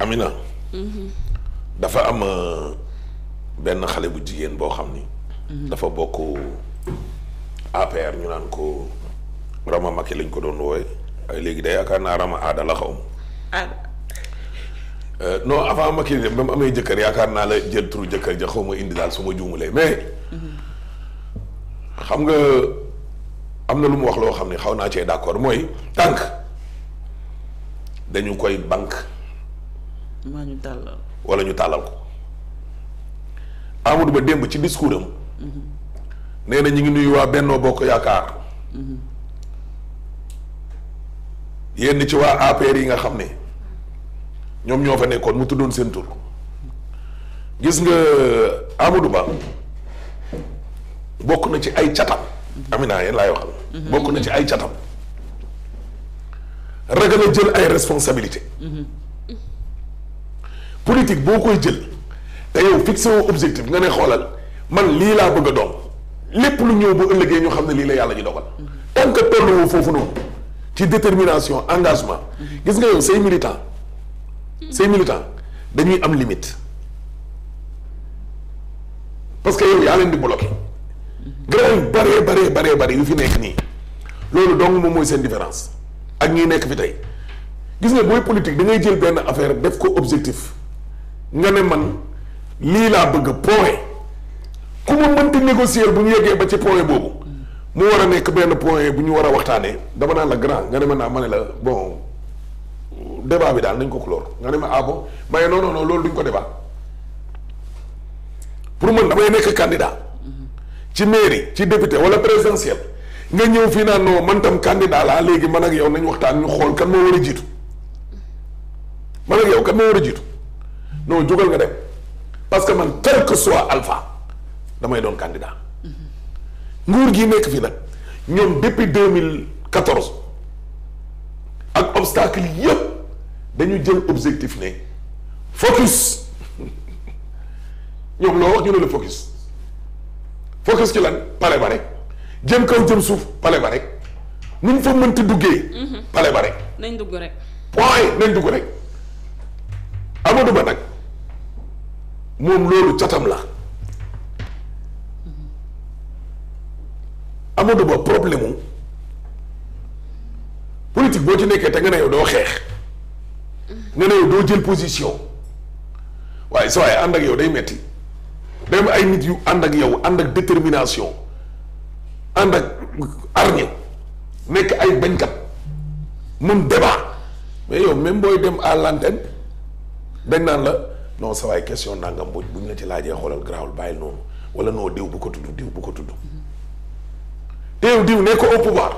Amina. Mm-hmm. dafa am euh, benn xale bu jigéen boo xam ni. Mm-hmm. dafa bokk APR ñu naan ko Rama Macky lañ ko doon wooye ay léegi day yaakaar naa Rama aada la xaw ma. Euh, non avant Macky dem jëkkër yaakaar naa la jël turu jëkkër ma indi daal su mais. Mm-hmm. xam nga am na lu mu wax loo xam ne xaw naa cee d'accord mooy tànk dañu koy banque. maa ñu tàllal wala ñu tàllal ko Amadou Ba démb ci discours am. nee ñu ngi nuyu waa Bennoo Bokk Yaakaar. yenn ci waa APR yi nga xam ne ñoom ñoo fa nekkoon mu tuddoon seen tur gis nga Amadou Ba bokk na ci ay catam. Amina yéen laay waxal. bokk na ci ay catam. ragal jël ay responsabilité politique boo koy jël te yow fixé objectif nga ne xoolal man lii laa bëgg a doon lépp lu ñëw bu ëllëgee ñu xam ne lii la yàlla ñu dogal tant que tolluwoo foofu noonu ci détermination engagement gis nga yow say militant say militant dañuy am limite parce que yow yaa leen di bloqué grand yu bare bare bare bare yu fi nekk nii loolu donc moom mooy seen différence ak ñi nekk fi tey gis nga booy politique da ngay jël benn affaire def ko objectif nga ne man lii laa bëgg point ku ma mënti négocier bu ñu yeggee ba ci point boobu mu war a nekk benn point bu ñu war a waxtaanee dama naan la grand nga ne ma naa ma ne la bon débat bi daal nañ ko clore nga ne ma ah bon mais non loolu duñ ko débat pour man damay nekk candidat ci mairie ci député wala présidentiel nga ñëw fii naan non man tam candidat laa léegi man ak yow nañu waxtaan ñu xool kan moo war a jiitu man ak yow kan moo war a jiitu. non jógal nga dem parce que man quel que soit alpha damay doon candidat nguur gi nekk fii nag ñoom depuis 2014 ak obstacle yëpp dañu jël objectif ne focus ñoom loo wax ñu ne la focus focus ci lan pale ba rek jëm kaw jëm suuf pale ba rek nu ñu fa mënti duggee. Mhm. pale ba rek. nañ dugg rek. point nañ dugg rek Amadou Ba nag. moom loolu catam la Amadou Ba problème mu boo ci nekkee te nga ne doo xeex nga ne doo jël position waaye sa waaye ànd ak yow day metti day ay nit yu ànd ak yow ànd ak détermination ànd ak arñe nekk ay bañkat mun débat mais yow même booy dem à l'antenne dañ naan la non sa waay question nangam bu bu ñu la ci laajee xoolal garaawul bàyyil noonu wala non diw bu ko tudd diw bu ko tudd teew diw ne ko au pouvoir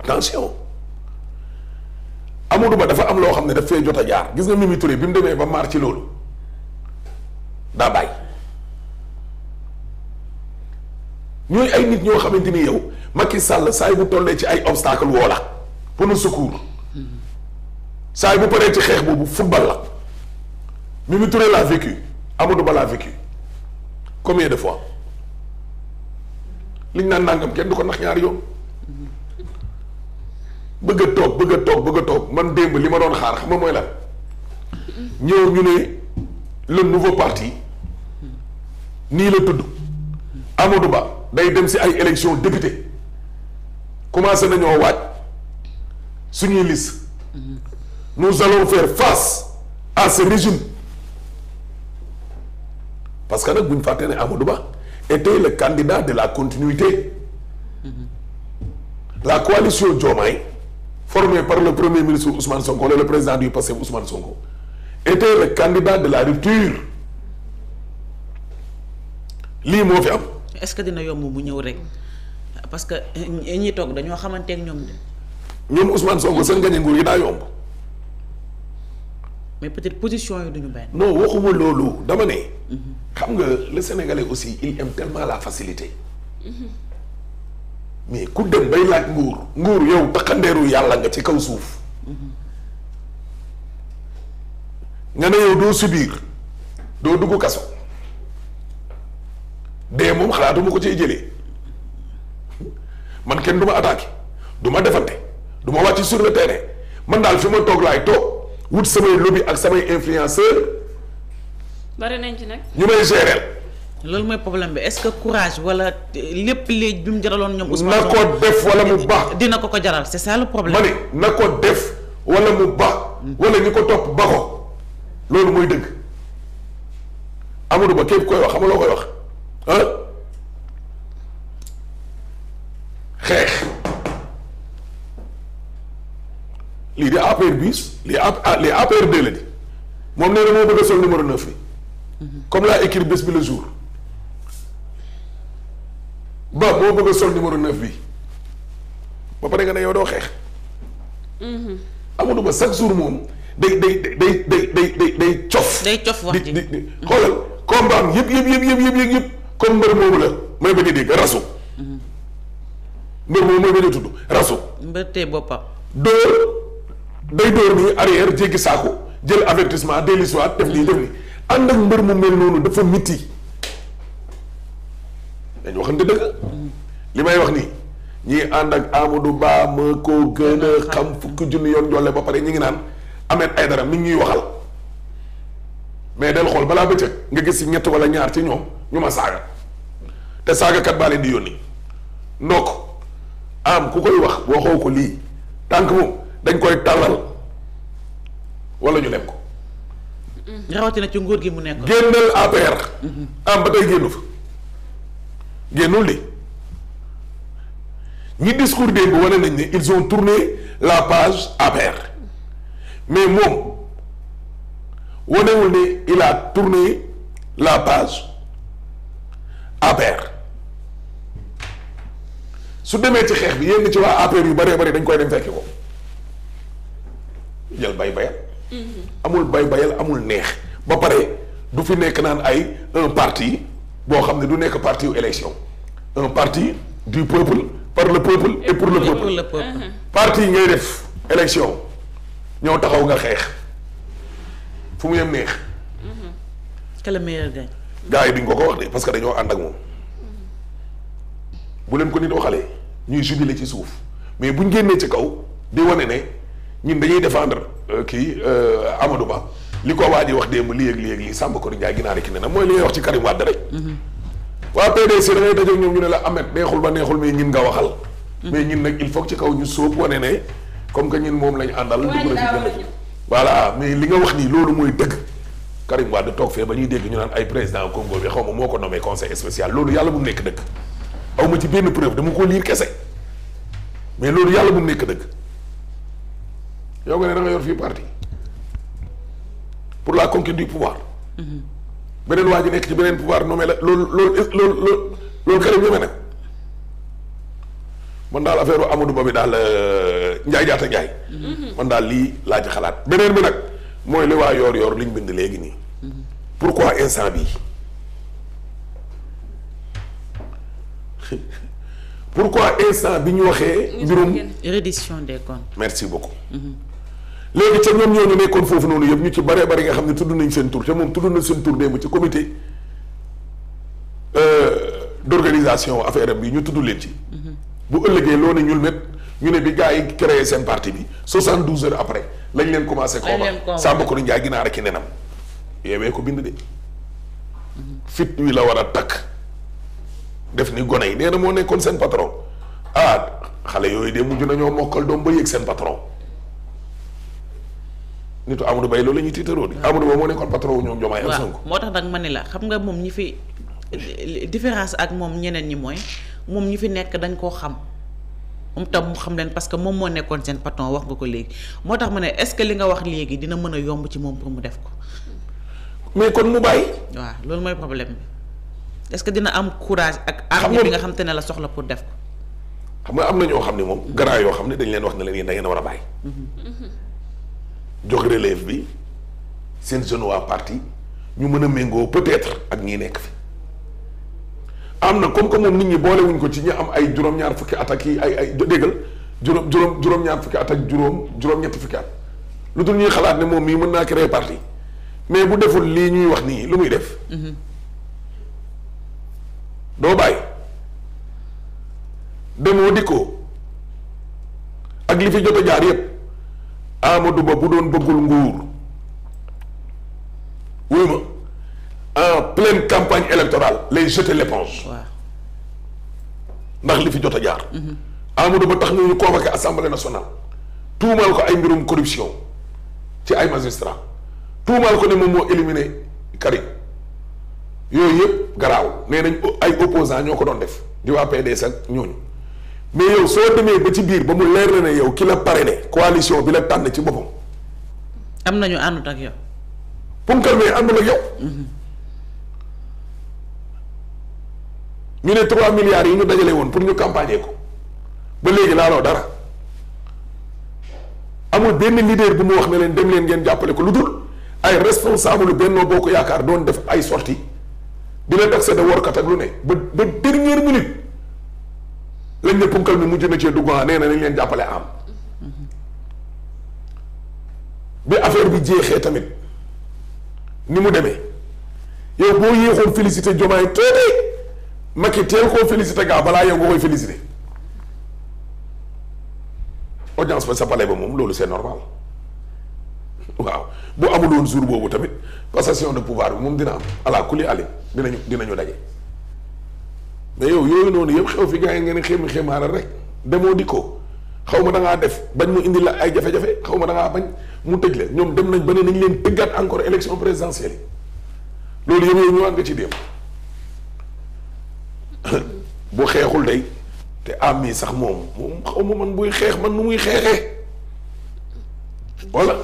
attention Amadou Ba dafa am loo xam ne daf fee jot a jaar gis nga Mimi Touré bi mu demee ba maar ci loolu daa bàyyi ñooy ay nit ñoo xamante ni yow Macky sàll saa yi bu tollee ci ay obstacle woo la pour le saa yi bu paree ci xeex boobu football la Mimi Touré l'a vécu Amadou Ba l'a vécu combien de fois liñ naan nangam kenn du ko nax ñaari yoon bëgg a toog bëgg a toog bëgg a toog man démb li ma doon xaar xam mooy lan ñëw ñu ne le nouveau parti nii la tudd Amadou Ba day dem si ay élection député commencé nañoo waaj suñuy liste nous allons faire face à ce régime parce que nag bu ñu fàttee ne Amadou Ba était le candidat de la continuité mm-hmm. la coalition Diomaye formée par le premier ministre Ousmane Sonko le président du Pastef Ousmane Sonko était le candidat de la rupture lii moo fi am. est-ce que dina yomb mu ñëw rek parce que ñi toog dañoo xamante ak ñoom de. ñoom Ousmane Sonko seen gañe nguur yi daa yomb. mais peut-être position yi duñu benn. non waxuma loolu dama ne. xam nga le sénégalais aussi il aime tellement la facilité. mais ku dem bay laaj nguur nguur yow takkandeeru yàlla nga ci kaw suuf. nga ne yow doo subir doo dugg kaso. dee moom xalaatuma ko ci jëlee man kenn du ma attaqué du ma defante du ma wàcc sur le terrain man daal fi ma toog laay toog. wut samay lobby ak samay influenceur bari nañ ci nag ñu may gérer. loolu mooy problème bi est-ce que courage wala lépp léegi bi mu jaraloon ñoom. Ousmane na ko def wala mu baax. dina ko ko jaral c'est ça le problème. ma na ko def wala mu baax. Hmm. wala ñu ko topp ba ko loolu mooy dëgg Amadou Ba képp koy wax xamuloo koy wax ah xeex. lii de APR bis lii ah, lii APR deux di moom nee na moo bëgg a sol numéro neuf bi comme laa écrit bés bi le jour ba moo bëgg sol numéro neuf bi ba pare nga ne yow doo xeex Amadou Ba chaque jour moom day day day day day day day cof day cof wax di di am yëpp yëpp yëpp yëpp yëpp yëpp comme mbër moomu la may bañ a dégg rasu mhm. mbër moomu may bañ a tudd rasu mbër boppam dóor day door nii arrière jéggi saako jël avertissement dellusi waat def nii def nii ànd ak mbër mu mel noonu dafa miti dañ waxante dëgg li may wax nii ñii ànd ak du Ba ma koo gën xam fukki junni yoon jolle ba pare ñu ngi naan Ahmed Aïdara mi ngi ñuy waxal mais del xool balaa bëccëg nga gis si ñett wala ñaar ci ñoom ñu ma saaga te saagakat baa leen di yónni ndokk am ku koy wax waxoo ko lii tànk moom dañ koy tàllal walla ñu lem ko. Mm-hmm. rawatina ci nguur gi mu nekk. génnal APR. am mm-hmm. ah, ba tey génnu fa génnul de ñi discours démb wane nañ ne ils ont tourné la page APR mais moom wanewul ne il a tourné la page APR su demee ci xeex bi yéen ci waa APR yu bare bëri dañ koy dem fekki ko. jël bay bayal. Mm-hmm. amul bay bayal amul neex ba pare du fi nekk naan ay un partie boo xam ne du nekk parti wu élection un parti du peuple par le peuple et pour le peuple. Uh-huh. parti ngay def élection ñoo taxaw nga xeex fu mu yem neex. que mm-hmm. le meilleur gagne. gars yi duñ ko ko wax de parce que dañoo ànd ak moom mm-hmm. bu leen ko nit waxalee ñuy jubilé ci suuf mais buñ génnee ci kaw di wane ne ñun dañuy défendre Euh, kii euh, Amadou Ba li ko waa ji wax démb lii ak lii ak lii Samba Kory Ndiaye ginaar yi ki ne na mooy li ngay wax ci Karim Wade rek. Mhm. waa PDC da ngay dajeeg ñoom ñu ne la Ahmed neexul ba neexul mais ñin nga waxal. Mhm. mais ñin nag il faut ci kaw ñu sóob wane ne comme que ñin moom lañ àndal. dugg na ci gën voilà mais li nga wax nii loolu mooy dëgg. Karim Wade toog fee ba ñuy ñu naan président Congo bi xaw ma moo ko nommé conseil spécial loolu yàlla bu mu nekk dëgg. aw ma ci benn preuve dama ko liir kese mais loolu yàlla bu mu nekk dëgg. yow nga ne da yor fii parti pour la conquête du pouvoir. beneen waa nekk ci beneen pouvoir nommé la lool loolu loolu loolu loolu Karim man daal affaire amadu Ba bi daal euh, Ndiaye jaata Ndiaye. Mhm. man daal lii laaj xalaat beneen bi nag mooy li waa yoor yoor liñ bind léegi nii. Mhm. pourquoi instant pour quoi instant bi ñu waxee. mbirum reddition des comptes. merci beaucoup. Mhm. léegi ca ñoom ñooñu nekkoon foofu noonu yëpp ñu ci bare bari nga xam ne tudd nañ seen tur te moom tudd na seen tur démb ci comité euh, d'organisation affaire bi ñu tudd leen ci. Mm-hmm. bu ëllëgee loo ne ñul met ñu ne bi gars yi créé seen parti bi 72 heures après lañ leen commencé. lañ leen commencé Samba Kodu Ndiaye ginaar ak i nenam. yeewee ko bind de. Mm-hmm. fit wi la war a takk. def ni gone yi nee moo nekkoon seen patron ah xale yooyu de mujj nañoo mokkal doom ba yëg seen patron. nitu Amadou Ba loolu la tiitaroo di. Amadou Ba moo nekkoon patron wu ñoom Diomaye ak Sonko. moo tax nag ma ne la xam nga moom ñi fi différence ak moom ñeneen ñi mooy moom ñi fi nekk dañ koo xam. moom tam mu xam leen parce que moom moo nekkoon seen patron wax nga ko léegi moo tax ma ne est-ce que li nga wax léegi dina mën a yomb ci moom mu def ko. mais kon mu bàyyi. waaw loolu mooy problème bi est-ce dina am courage ak. arme bi nga xam te ne la soxla pour def ko. xam am na ñoo xam ne moom. grand yoo xam ne dañ leen wax ne leen yéen da ngeen a war a bàyyi. Mhm. Mhm. jox relève bi seen jeune waa parti ñu mën a méngoo peut-être ak ñi nekk fi am na comme que moom nit ñi boolewuñ ko ci ñi am ay juróom-ñaar fukki at ak yi ay ay déggal juróom juróom juróom-ñaar fukki at ak juróom juróom-ñetti fukki at lu dul ñuy xalaat ne moom mii mën naa créer parti mais bu deful lii ñuy wax nii lu muy def. Mhm. doo bàyyi demoo dikkoo ak li fi jot jaar yépp Amadou Ba bu doon bëggul nguur wuyu ma campagne électorale lay jeter l'éponge ndax li fi jot a jaar. Mhm. Amadou Ba tax ñu ñu convoqué assemblée nationale tuumaal ko ay mbirum corruption ci ay magistrat tuumaal ko ne moom moo éliminé Karim yooyu yëpp garaaw nee nañ ay opposants ñoo ko doon def di waa PDS ak ñooñu. mais yow soo demee ba ci biir ba mu leer na ne yow ki la parrainé coalition bi la tànn ci boppam. am nañu àndut ak yow. punkal mais àndul ak mhm. ñu ne trois milliards yi ñu dajale woon pour ñu campagner ko ba léegi laaloo dara amul benn leader bi mu wax ne leen dem leen ngeen jàppale ko lu dul ay responsable Benno Bokk Yaakaar doon def ay sorties di la tax de workat ak lu ne ba ba dernière minute. lañ ne punkal mi mujj na cee dugg ah nee na nañ leen jàppale am bi affaire bi jeexee tamit ni mu demee yow boo yéexoon félicité Diomaye tuuti Macky teel koo félicité gaa balaa yow nga koy félicité audience ba sa palais ba moom loolu c'est normal waaw bu amul woon jour boobu tamit passation de pouvoir bi moom dina am ala kulli ali dinañu dinañu daje. mais yow yooyu noonu yëpp xew fi gars yi nga ne xéem xéem xaaral rek demoo dikkoo xaw ma da def bañ mu indi la ay jafe-jafe xaw ma da bañ mu tëj la ñoom dem nañ ba ne nañ leen tëggaat encore élection présidentielle yi loolu yëpp yow ñëwaat nga ci démb bu xeexul day te am sax moom moom xaw ma man muy xeex man nu muy xeexee wala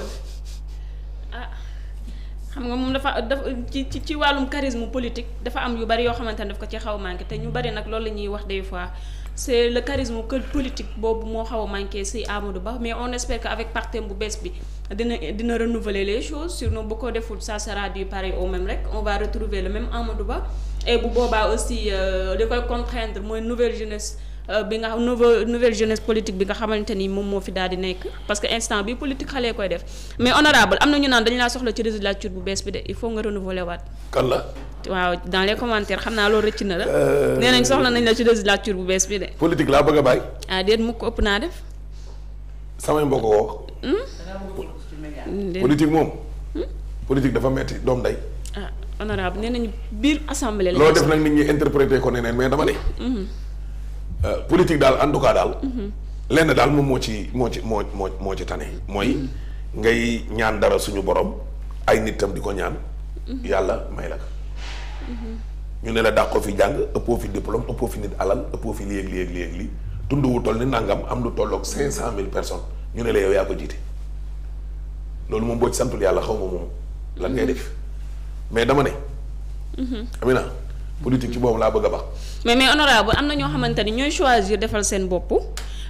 xam nga moom dafa dafa ci ci wàllum charisme politique dafa am yu bari yoo xamante ne ko ci xaw a te ñu bari nag loolu la ñuy wax des fois c'est le charisme que politique boobu moo xaw a manqué ci Amadou Ba mais on espère que avec parti bu bees bi dina dina renouveler les choses sinon bu ko deful ça sera du pareil au même rek on va retrouver le même Amadou Ba et bu boobaa aussi di euh, koy contraindre mooy nouvelle jeunesse. Euh, bi nga nouvelle nouvelle jeunesse politique bi nga xamante ni moom moo fi daal di nekk parce que instant bi politique xale koy def mais honorable am na ñu naan dañu laa soxla ci législature bu bees bi de il faut nga renouveler waat. kan la. waaw dans les commentaires xam naa loolu rëcc na la. Euh, nee nañ soxla nañ la ci législature bu bees bi de. politique laa bëgg a bàyyi. ah déet mu ko ëpp naa def. samay mbokk woo. Hmm? politique moom. Hmm? politique dafa metti doom day. ah honorable nee nañu biir assemblée la. loo def nag nit ñi interprété ko neneen mais Euh, politique daal en tout cas daal. lenn daal moom moo ci moo ci moo moo moo ci tane. mooy ngay ñaan dara suñu borom ay nit tam di ko ñaan. yàlla may la ko. ñu ne la daa ko fi jàng ëppoo fi diplôme ëppoo fi nit alal ëppoo fi lii ak lii ak lii tund wu toll ni nangam am lu tolloog cinq cent mille personnes ñu ne la yow yaa ko jiite loolu moom boo santul yàlla xaw ma moom lan ngay def mais dama ne. Amina. politique ci boobu laa bëgg a bax mais mais honorable am na ñoo xamante ni ñooy choisir defal seen bopp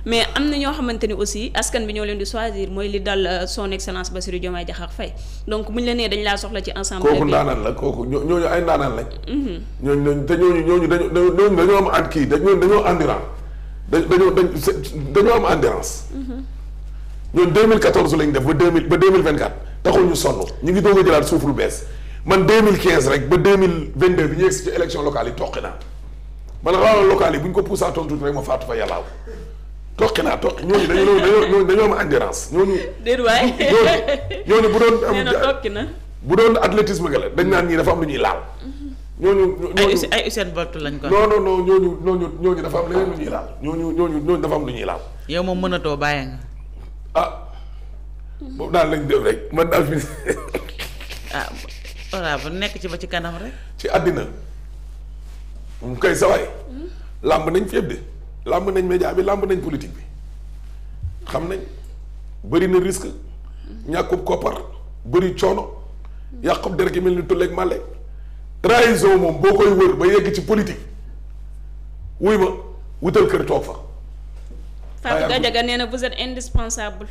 mais am na ñoo xamante ni aussi askan bi ñoo leen di choisir mooy li dal euh, son excellence Bassirou Diomaye Diakhar Faye donc muñ la nee dañ laa soxla ci ensemble kooku ndaanaan kooku ñooñu ay ndaanaan lañ mhm. ñooñu lañ te ñooñu ñooñu dañu ñooñu am at kii dañoo dañoo endurant da dañoo dañ dañoo am endurance mhm. ñooñu 2014 lañ def ba 2000 ba 2024 ñu sonn ñu ngi doog jëlaat suuf lu bees man 2015 rek ba 2022 bi ñu yegsi ci élection locale yi toqi naa man rawatina locale yi bu ñu ko poussé tontu rek ma faatu fa yàllaaw toqi naa toqi ñooñu dañoo dañoo dañoo am endurance ñooñu. déet waay ñooñu bu doon. nee na toqi na bu doon athlétisme ga la dañ naan ñii dafa am lu ñuy laal. ñoo ñooñu ay Usain Bolt lañ ko. non non non ñooñu ñooñu ñooñu dafa am leneen lu ñuy laal ñooñu ñooñu dafa am lu ñuy laal. yow moom mënatoo bàyyi nga. ah boobu daal lañ def rek man daal fi favorable nekk ci ba ci kanam rek. ci àddina mu koy sawaay. làmb nañ fépp de làmb nañ média bi làmb nañ politique bi xam nañ bëri na risque ñàkkub koppar bëri coono yàqub der gi mel ni tulleeg màlle trahison moom boo koy wër ba yegg ci politique wuy ma wutal kër toog fa. Fatou Gadiaga nee na vous êtes indispensable.